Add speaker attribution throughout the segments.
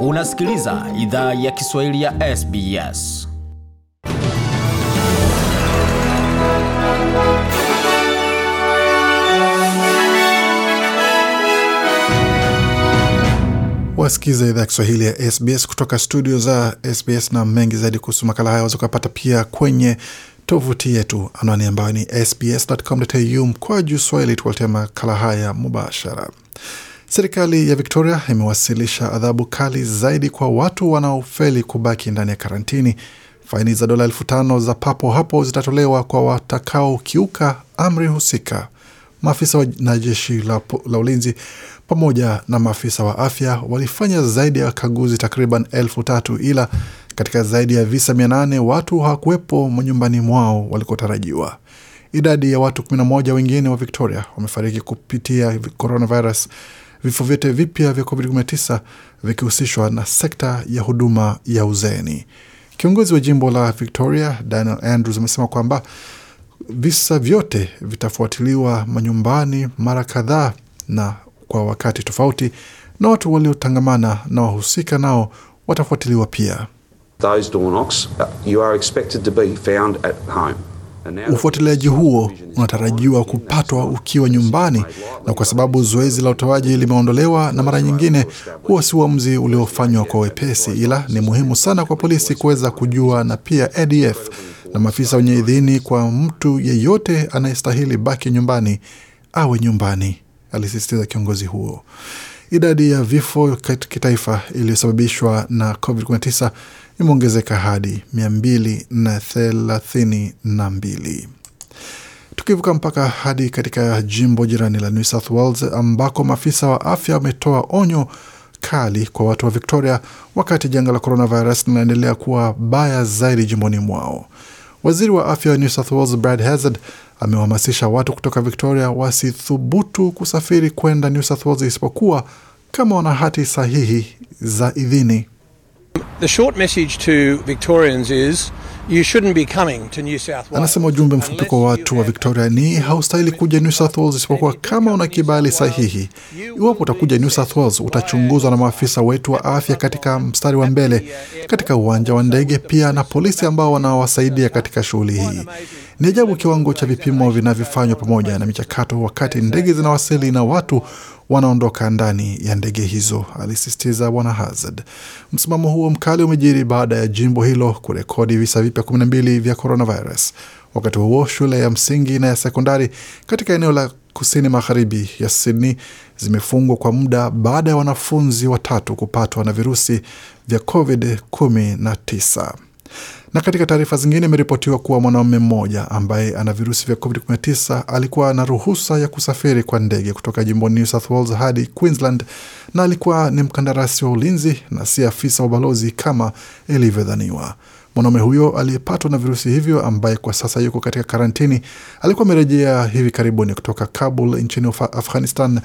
Speaker 1: Unasikiliza idhaa ya Kiswahili ya SBS. Wasikiza idhaa ya Kiswahili ya SBS kutoka studio za SBS, na mengi zaidi kuhusu makala haya waweza kupata pia kwenye tovuti yetu, anwani ambayo ni sbs.com.au mkwaju swahili. Tukuletea makala haya mubashara. Serikali ya Victoria imewasilisha adhabu kali zaidi kwa watu wanaofeli kubaki ndani ya karantini. Faini za dola elfu tano za papo hapo zitatolewa kwa watakaokiuka amri husika. Maafisa na jeshi la, la ulinzi pamoja na maafisa wa afya walifanya zaidi ya kaguzi takriban elfu tatu ila katika zaidi ya visa mia nane watu hawakuwepo manyumbani mwao walikotarajiwa. Idadi ya watu 11 wengine wa Victoria wamefariki kupitia coronavirus vifo vyote vipya vya COVID-19 vikihusishwa na sekta ya huduma ya uzeeni. Kiongozi wa jimbo la Victoria Daniel Andrews amesema kwamba visa vyote vitafuatiliwa manyumbani mara kadhaa na kwa wakati tofauti, na watu waliotangamana na wahusika nao watafuatiliwa pia. Those uh, you are expected to be found at home. Ufuatiliaji huo unatarajiwa kupatwa ukiwa nyumbani, na kwa sababu zoezi la utoaji limeondolewa na mara nyingine huwa si uamuzi uliofanywa kwa wepesi, ila ni muhimu sana kwa polisi kuweza kujua na pia ADF na maafisa wenye idhini kwa mtu yeyote anayestahili baki nyumbani awe nyumbani, alisisitiza kiongozi huo. Idadi ya vifo kitaifa iliyosababishwa na COVID-19 imeongezeka hadi 232. Tukivuka mpaka hadi katika jimbo jirani la New South Wales ambako maafisa wa afya wametoa onyo kali kwa watu wa Victoria wakati janga la coronavirus linaendelea kuwa baya zaidi jimboni mwao. Waziri wa afya wa New South Wales Brad amewahamasisha watu kutoka Victoria wasithubutu kusafiri kwenda New South Wales isipokuwa kama wana hati sahihi za idhini. Anasema ujumbe mfupi kwa watu wa Victoria ni haustahili kuja New South Wales isipokuwa kama una kibali sahihi. Iwapo utakuja New South Wales, utachunguzwa na maafisa wetu wa afya katika mstari wa mbele katika uwanja wa ndege, pia na polisi ambao wanawasaidia katika shughuli hii. Ni ajabu kiwango cha vipimo vinavyofanywa pamoja na michakato wakati ndege zinawasili na watu wanaondoka ndani ya ndege hizo, alisisitiza Bwana Hazard. Msimamo huo mkali umejiri baada ya jimbo hilo kurekodi visa vipya 12 vya coronavirus. Wakati huo shule ya msingi na ya sekondari katika eneo la kusini magharibi ya Sydney zimefungwa kwa muda baada ya wanafunzi watatu kupatwa na virusi vya COVID-19. Na katika taarifa zingine, imeripotiwa kuwa mwanaume mmoja ambaye ana virusi vya COVID-19 alikuwa na ruhusa ya kusafiri kwa ndege kutoka jimbo New South Wales hadi Queensland, na alikuwa ni mkandarasi wa ulinzi na si afisa wa ubalozi kama ilivyodhaniwa. Mwanaume huyo aliyepatwa na virusi hivyo, ambaye kwa sasa yuko katika karantini, alikuwa amerejea hivi karibuni kutoka Kabul nchini Afghanistan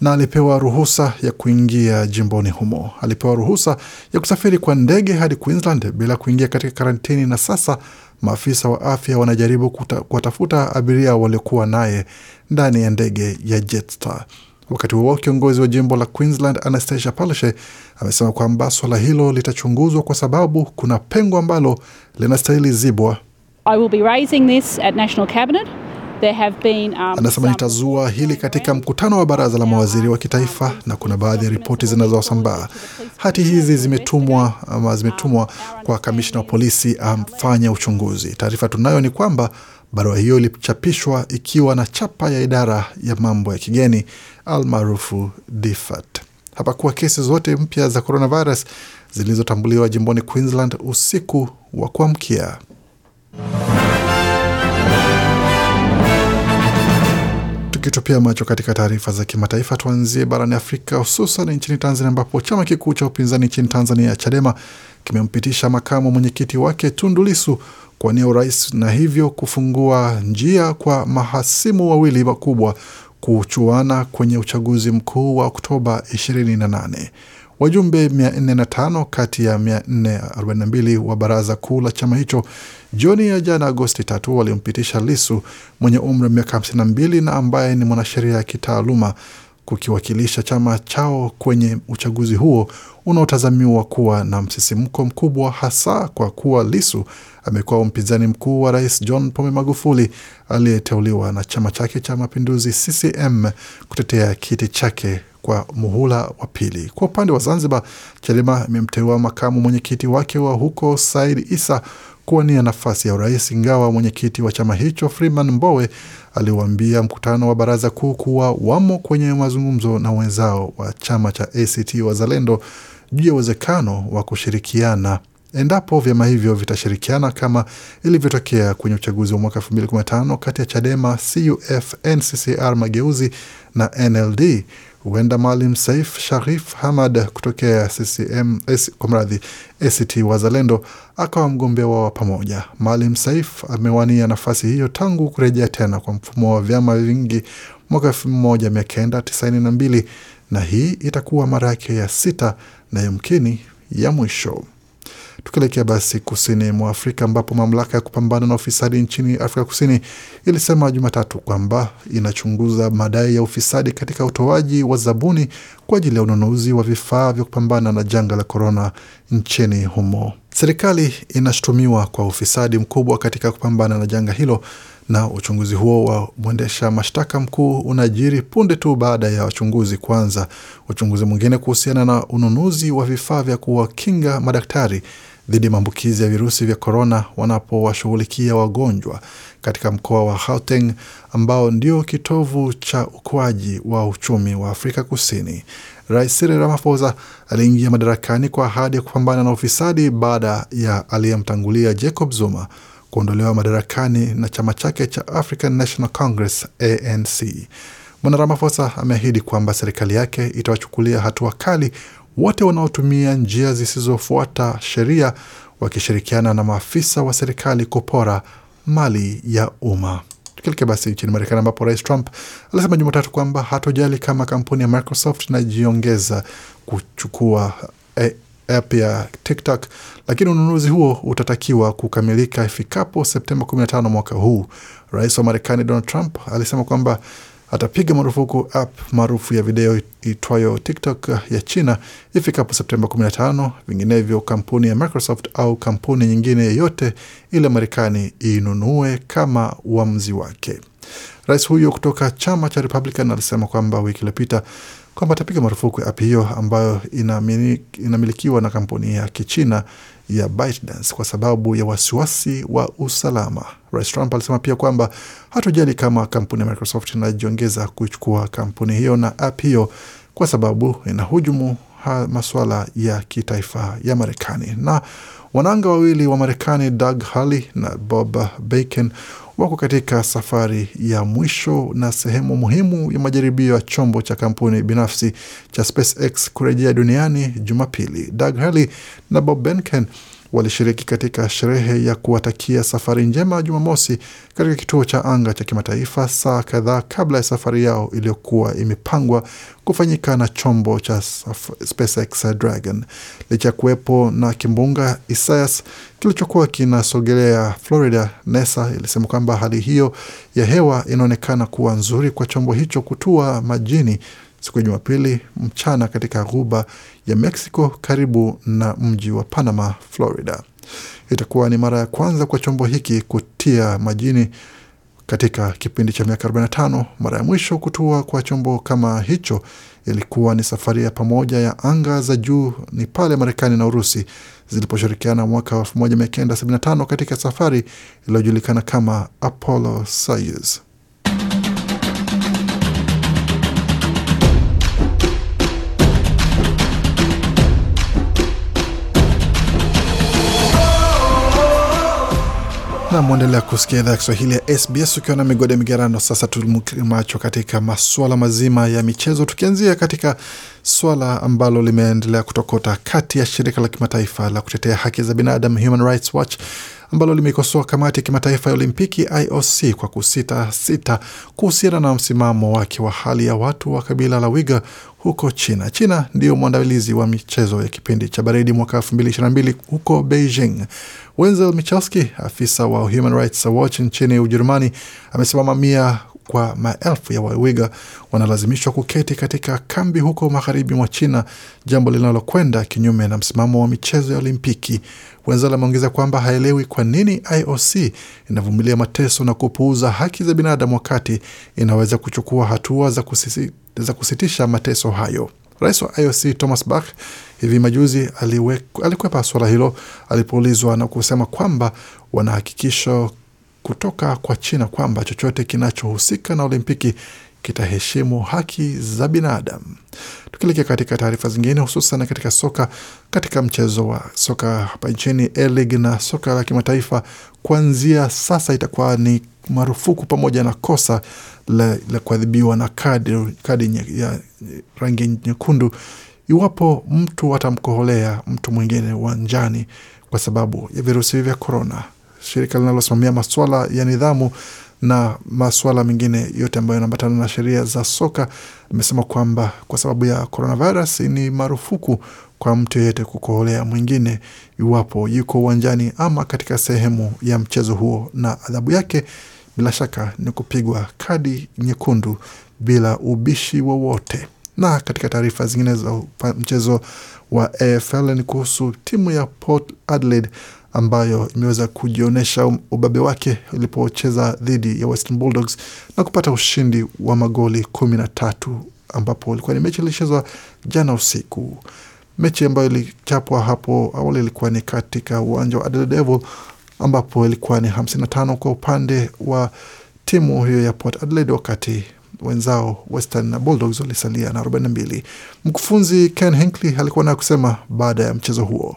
Speaker 1: na alipewa ruhusa ya kuingia jimboni humo. Alipewa ruhusa ya kusafiri kwa ndege hadi Queensland bila kuingia katika karantini, na sasa maafisa wa afya wanajaribu kuwatafuta abiria waliokuwa naye ndani ya ndege ya Jetstar. Wakati huo kiongozi wa jimbo la Queensland Anastasia Palaszczuk amesema kwamba swala hilo litachunguzwa kwa sababu kuna pengo ambalo linastahili zibwa. I will be raising this at National Cabinet. Um, anasema nitazua hili katika mkutano wa baraza la mawaziri wa kitaifa, na kuna baadhi ya ripoti zinazosambaa. Hati hizi zimetumwa ama um, zimetumwa kwa kamishna wa polisi amfanya uchunguzi. Taarifa tunayo ni kwamba barua hiyo ilichapishwa ikiwa na chapa ya idara ya mambo ya kigeni almaarufu DFAT. Hapakuwa kesi zote mpya za coronavirus zilizotambuliwa jimboni Queensland usiku wa kuamkia Tukitupia macho katika taarifa za kimataifa, tuanzie barani Afrika, hususan nchini Tanzania, ambapo chama kikuu cha upinzani nchini Tanzania, CHADEMA, kimempitisha makamu mwenyekiti wake Tundu Lissu kuwania urais na hivyo kufungua njia kwa mahasimu wawili wakubwa kuchuana kwenye uchaguzi mkuu wa Oktoba 28. Wajumbe 405 kati ya 442 wa baraza kuu la chama hicho jioni ya jana Agosti tatu walimpitisha Lisu mwenye umri wa miaka 52 na ambaye ni mwanasheria ya kitaaluma kukiwakilisha chama chao kwenye uchaguzi huo unaotazamiwa kuwa na msisimko mkubwa, hasa kwa kuwa Lisu amekuwa mpinzani mkuu wa rais John Pombe Magufuli aliyeteuliwa na chama chake cha Mapinduzi CCM kutetea kiti chake kwa muhula wa pili. Kwa upande wa Zanzibar, Chadema imemteua makamu mwenyekiti wake wa huko Said Isa kuwania nafasi ya urais, ingawa mwenyekiti wa chama hicho Freeman Mbowe aliwaambia mkutano wa baraza kuu kuwa wamo kwenye mazungumzo na wenzao wa chama cha ACT Wazalendo juu ya uwezekano wa kushirikiana endapo vyama hivyo vitashirikiana kama ilivyotokea kwenye uchaguzi wa mwaka 2015 kati ya Chadema, CUF, NCCR Mageuzi na NLD. Huenda Maalim Saif Sharif Hamad kutokea CCM kwa mradhi ACT Wazalendo akawa mgombea wao pamoja. Maalim Saif amewania nafasi hiyo tangu kurejea tena kwa mfumo wa vyama vingi mwaka 1992 na hii itakuwa mara yake ya sita na yumkini ya mwisho. Tukielekea basi kusini mwa Afrika ambapo mamlaka ya kupambana na ufisadi nchini Afrika Kusini ilisema Jumatatu kwamba inachunguza madai ya ufisadi katika utoaji wa zabuni kwa ajili ya ununuzi wa vifaa vya kupambana na janga la korona nchini humo. Serikali inashutumiwa kwa ufisadi mkubwa katika kupambana na janga hilo na uchunguzi huo wa mwendesha mashtaka mkuu unajiri punde tu baada ya wachunguzi kuanza uchunguzi mwingine kuhusiana na ununuzi wa vifaa vya kuwakinga madaktari dhidi ya maambukizi ya virusi vya korona wanapowashughulikia wagonjwa katika mkoa wa Gauteng ambao ndio kitovu cha ukuaji wa uchumi wa Afrika Kusini. Rais Cyril Ramaphosa aliingia madarakani kwa ahadi ya kupambana na ufisadi baada ya aliyemtangulia Jacob Zuma kuondolewa madarakani na chama chake cha African National Congress ANC. Bwana Ramaphosa ameahidi kwamba serikali yake itawachukulia hatua kali wote wanaotumia njia zisizofuata sheria wakishirikiana na maafisa wa serikali kupora mali ya umma. Tukielekea basi nchini Marekani, ambapo rais Trump alisema Jumatatu kwamba hatojali kama kampuni ya Microsoft inajiongeza kuchukua eh, app ya TikTok, lakini ununuzi huo utatakiwa kukamilika ifikapo Septemba 15 mwaka huu. Rais wa Marekani Donald Trump alisema kwamba atapiga marufuku app maarufu ya video itwayo TikTok ya China ifikapo Septemba 15, vinginevyo kampuni ya Microsoft au kampuni nyingine yeyote ile Marekani inunue kama uamuzi wake. Rais huyo kutoka chama cha Republican alisema kwamba wiki iliyopita kwamba atapiga marufuku app hiyo ambayo inamilikiwa na kampuni ya Kichina ya ByteDance kwa sababu ya wasiwasi wa usalama. Rais Trump alisema pia kwamba hatujali kama kampuni ya Microsoft inajiongeza kuchukua kampuni hiyo na app hiyo kwa sababu inahujumu masuala ya kitaifa ya Marekani. Na wanaanga wawili wa Marekani Doug Hurley na Bob Bacon wako katika safari ya mwisho na sehemu muhimu ya majaribio ya chombo cha kampuni binafsi cha SpaceX kurejea duniani Jumapili. Doug Hurley na Bob Behnken walishiriki katika sherehe ya kuwatakia safari njema Jumamosi katika kituo cha anga cha kimataifa, saa kadhaa kabla ya safari yao iliyokuwa imepangwa kufanyika na chombo cha SpaceX Dragon. Licha ya kuwepo na kimbunga Isaias kilichokuwa kinasogelea Florida, NASA ilisema kwamba hali hiyo ya hewa inaonekana kuwa nzuri kwa chombo hicho kutua majini siku ya Jumapili mchana katika ghuba ya Mexico karibu na mji wa Panama, Florida. Itakuwa ni mara ya kwanza kwa chombo hiki kutia majini katika kipindi cha miaka 45. Mara ya mwisho kutua kwa chombo kama hicho ilikuwa ni safari ya pamoja ya anga za juu ni pale Marekani na Urusi ziliposhirikiana mwaka 1975 katika safari iliyojulikana kama Apollo Soyuz. na mwendelea kusikia idhaa ya Kiswahili ya SBS ukiwa na migode migerano. Sasa tumacho katika masuala mazima ya michezo, tukianzia katika swala ambalo limeendelea kutokota kati ya shirika la kimataifa la kutetea haki za binadamu Human Rights Watch ambalo limeikosoa kamati ya kimataifa ya Olimpiki IOC kwa kusita sita kuhusiana na msimamo wake wa hali ya watu wa kabila la Wiga huko China. China ndiyo mwandalizi wa michezo ya kipindi cha baridi mwaka 2022 huko Beijing. Wenzel Michalski, afisa wa Human Rights Watch nchini Ujerumani, amesema mamia kwa maelfu ya Waiwiga wanalazimishwa kuketi katika kambi huko magharibi mwa China, jambo linalokwenda kinyume na msimamo wa michezo ya Olimpiki. Wenzala ameongeza kwamba haelewi kwa nini IOC inavumilia mateso na kupuuza haki za binadamu wakati inaweza kuchukua hatua za, kusisi, za kusitisha mateso hayo. Rais wa IOC Thomas Bach hivi majuzi alikwepa swala hilo alipoulizwa na kusema kwamba wanahakikisho kutoka kwa China kwamba chochote kinachohusika na Olimpiki kitaheshimu haki za binadamu. Tukielekea katika taarifa zingine, hususan katika soka, katika mchezo wa soka hapa nchini A-League na soka la kimataifa, kuanzia sasa itakuwa ni marufuku pamoja na kosa la, la kuadhibiwa na kadi, kadi nye, ya rangi nyekundu iwapo mtu atamkoholea mtu mwingine uwanjani kwa sababu ya virusi vya korona shirika linalosimamia maswala ya nidhamu na maswala mengine yote ambayo yanaambatana na sheria za soka amesema kwamba kwa sababu ya coronavirus ni marufuku kwa mtu yeyote kukoholea mwingine iwapo yuko uwanjani ama katika sehemu ya mchezo huo, na adhabu yake bila shaka ni kupigwa kadi nyekundu bila ubishi wowote. Na katika taarifa zingine za mchezo wa AFL ni kuhusu timu ya Port Adelaide ambayo imeweza kujionyesha ubabe wake ilipocheza dhidi ya Western Bulldogs na kupata ushindi wa magoli kumi na tatu ambapo ilikuwa ni mechi ilichezwa jana usiku. Mechi ambayo ilichapwa hapo awali ilikuwa ni katika uwanja wa Adelaide Devil ambapo ilikuwa ni 55 kwa upande wa timu hiyo ya Port Adelaide wakati wenzao Western na Bulldogs walisalia na 42. Mkufunzi Ken Hinckley alikuwa nayo kusema baada ya mchezo huo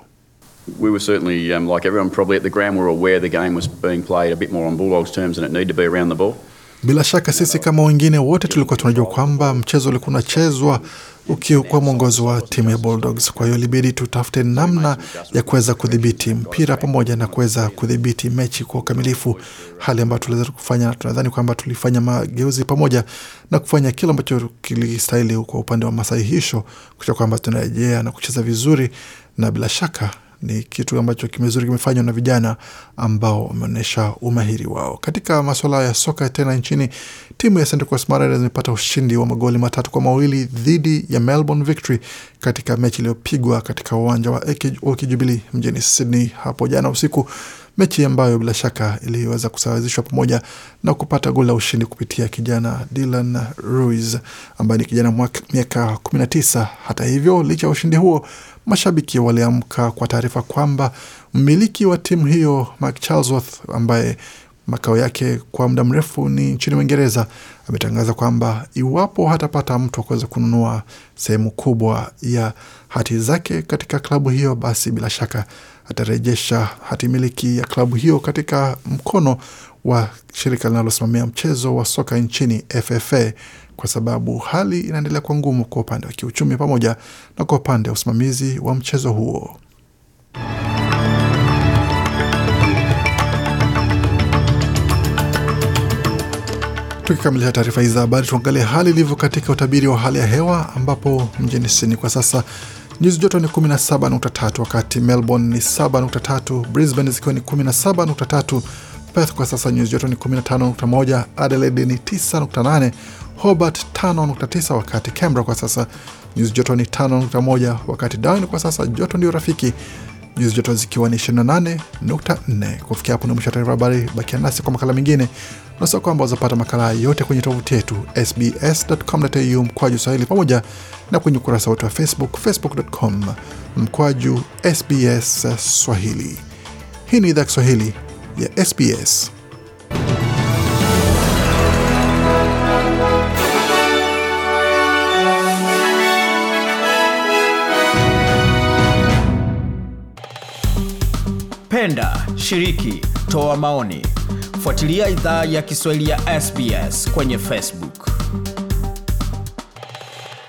Speaker 1: we were certainly, um, like everyone probably at the ground, we were aware the game was being played a bit more on Bulldogs terms than it needed to be around the ball. Bila shaka sisi kama wengine wote tulikuwa tunajua kwamba mchezo ulikuwa unachezwa ukiukwa mwongozo wa timu ya Bulldogs. Kwa hiyo ilibidi tutafute namna ya kuweza kudhibiti mpira pamoja na kuweza kudhibiti mechi kwa ukamilifu, hali ambayo tuliweza kufanya. Tunadhani kwamba tulifanya mageuzi pamoja na kufanya kile ambacho kilistahili kwa upande wa masahihisho, kucha kwamba tunarejea na kucheza vizuri, na bila shaka ni kitu ambacho kimezuri kimefanywa na vijana ambao wameonyesha umahiri wao. Katika masuala ya soka tena nchini, timu ya Central Coast Mariners imepata ushindi wa magoli matatu kwa mawili dhidi ya Melbourne Victory katika mechi iliyopigwa katika uwanja wa Jubilee mjini Sydney hapo jana usiku mechi ambayo bila shaka iliweza kusawazishwa pamoja na kupata goli la ushindi kupitia kijana Dylan Ruiz ambaye ni kijana miaka 19. Hata hivyo, licha ya ushindi huo, mashabiki waliamka kwa taarifa kwamba mmiliki wa timu hiyo Mark Charlesworth ambaye makao yake kwa muda mrefu ni nchini Uingereza ametangaza kwamba iwapo hatapata mtu wa kuweza kununua sehemu kubwa ya hati zake katika klabu hiyo, basi bila shaka atarejesha hatimiliki ya klabu hiyo katika mkono wa shirika linalosimamia mchezo wa soka nchini FFA, kwa sababu hali inaendelea kuwa ngumu kwa upande wa kiuchumi pamoja na kwa upande wa usimamizi wa mchezo huo. Tukikamilisha taarifa hizi za habari, tuangalie hali ilivyo katika utabiri wa hali ya hewa, ambapo mjini Sydney kwa sasa Nyuzi joto ni 17.3, wakati Melbourne ni 7.3, Brisbane zikiwa ni 17.3, Perth kwa sasa nyuzi joto ni 15.1, Adelaide ni 9.8, Hobart 5.9, wakati Canberra kwa sasa nyuzi joto ni 5.1, wakati Darwin kwa sasa joto ndio rafiki nyuzi joto zikiwa ni 28.4. Kufikia hapo ni mwisho wa taarifa habari. Bakia nasi kwa makala mengine. Unasahau kwamba wazapata makala yote kwenye tovuti yetu sbs.com.au mkwaju swahili pamoja na kwenye ukurasa wetu wa Facebook, facebook.com mkwaju SBS Swahili. Hii ni idhaa Kiswahili ya SBS. Penda, shiriki, toa maoni, fuatilia idhaa ya Kiswahili ya SBS kwenye Facebook.